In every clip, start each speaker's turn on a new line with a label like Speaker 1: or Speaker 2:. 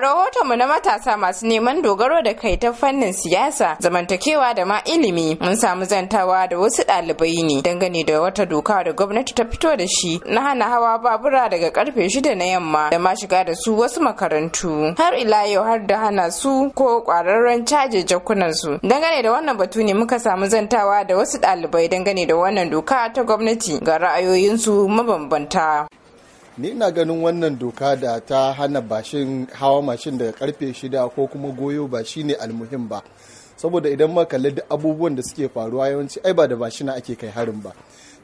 Speaker 1: A mu na matasa masu neman dogaro da kai ta fannin siyasa, zamantakewa da ma ilimi, mun samu zantawa da wasu ɗalibai ne dangane da wata doka da gwamnati ta fito da shi na hana hawa babura daga karfe shida na yamma da ma shiga da su wasu makarantu. Har ila yau har da hana su ko ƙwararren caje jakunan su. Dangane da wannan batu ne muka samu zantawa da wasu ɗalibai dangane da wannan doka ta gwamnati ga ra'ayoyinsu
Speaker 2: mabambanta. ni ina ganin wannan doka da ta hana bashin hawa mashin daga karfe shida ko kuma goyo ba ne almuhim ba saboda idan ma kalli duk abubuwan da suke faruwa yawanci ai ba da bashina ake kai harin ba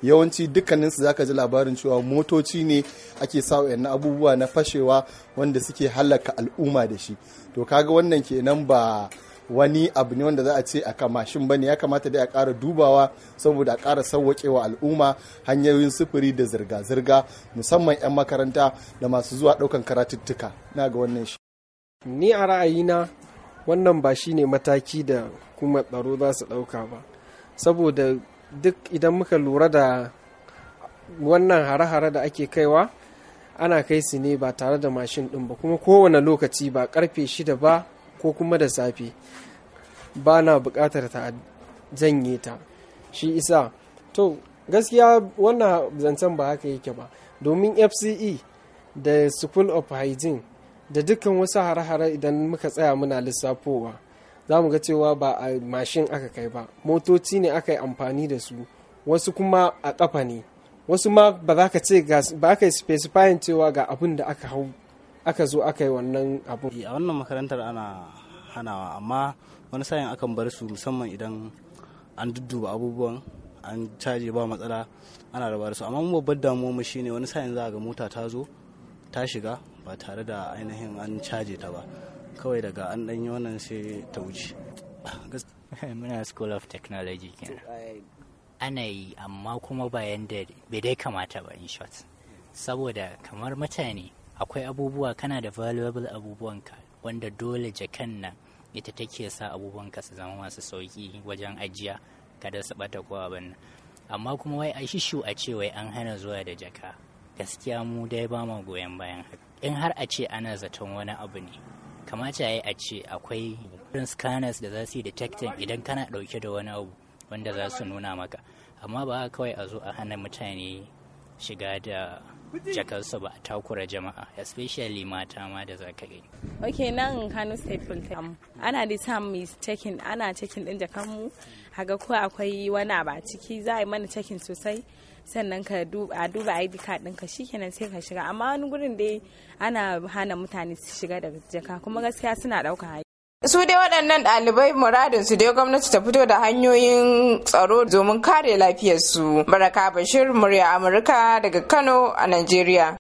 Speaker 2: yawanci dukkanin su zaka ji labarin cewa motoci ne ake sa wayannan abubuwa na fashewa wanda suke halaka al'umma da shi to kaga wannan kenan ba wani abu ne wanda za a ce a kamashin ba ne ya kamata dai a ƙara dubawa saboda a kara sauwakewa al'umma hanyoyin sufuri da zirga-zirga musamman 'yan makaranta da masu zuwa ɗaukan karatuttuka na ga wannan shi
Speaker 3: ni a ra'ayina wannan ba shi ne mataki da kuma tsaro za su ɗauka ba saboda duk idan muka lura da wannan hare-hare da ake kaiwa ana kai su ne ba tare da mashin ɗin ba kuma kowane lokaci ba karfe shida ba ko kuma da safe ba na buƙatar ta janye ta shi isa to gaskiya wannan zancen ba haka yake ba domin fce da school of hygiene da dukkan wasu hare-hare idan muka tsaya muna lissafowa za mu ga cewa ba a mashin aka kai ba motoci ne aka yi amfani da su wasu kuma a ƙafa ne wasu ma ba za ka ce ba ka yi cewa ga abin da aka hau aka zo aka yi wannan
Speaker 4: abu a wannan makarantar ana hanawa amma wani sayan akan bar su musamman idan an dudduba abubuwan an caje ba matsala ana raba su amma babbar damuwa mu shine wani sayan za ga mota ta zo ta shiga ba tare da ainihin an caje ta ba kawai daga an yi wannan sai ta wuce muna school of technology kenan ana yi amma kuma bayan da bai dai kamata ba in short saboda kamar mutane akwai abubuwa kana da valuable ka wanda dole jakan nan ita take sa abubuwan ka su zama masu sauki wajen ajiya kada su bata ko abin amma kuma wai a shishu a ce wai an hana zuwa da jaka gaskiya mu dai ba mu goyon bayan haka in har a ce ana zaton wani abu ne kamata ya a ce akwai burin scanners da za su yi detecting idan kana dauke da wani abu wanda za su nuna maka amma ba kawai a zo a hana mutane shiga da jakarsu ba a takura jama'a especially mata ma da za ka gani.
Speaker 5: ok nan kano state full ana da time is checking ana checking din jakan mu haga ko akwai wani abu a ciki za a yi mana checking sosai sannan ka a duba id card shi shikenan sai ka shiga amma wani gurin dai ana hana mutane su shiga da jaka kuma gaskiya suna ɗauka
Speaker 1: su dai waɗannan ɗalibai muradin su dai gwamnati ta fito da hanyoyin tsaro domin kare lafiyarsu baraka bashir murya amurka daga kano a najeriya